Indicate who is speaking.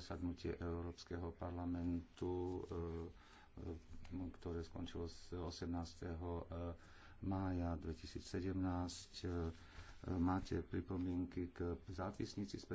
Speaker 1: zasadnutie Európskeho parlamentu, e, e, ktoré skončilo 18. E, mája 2017. Máte pripomienky k zápisnici z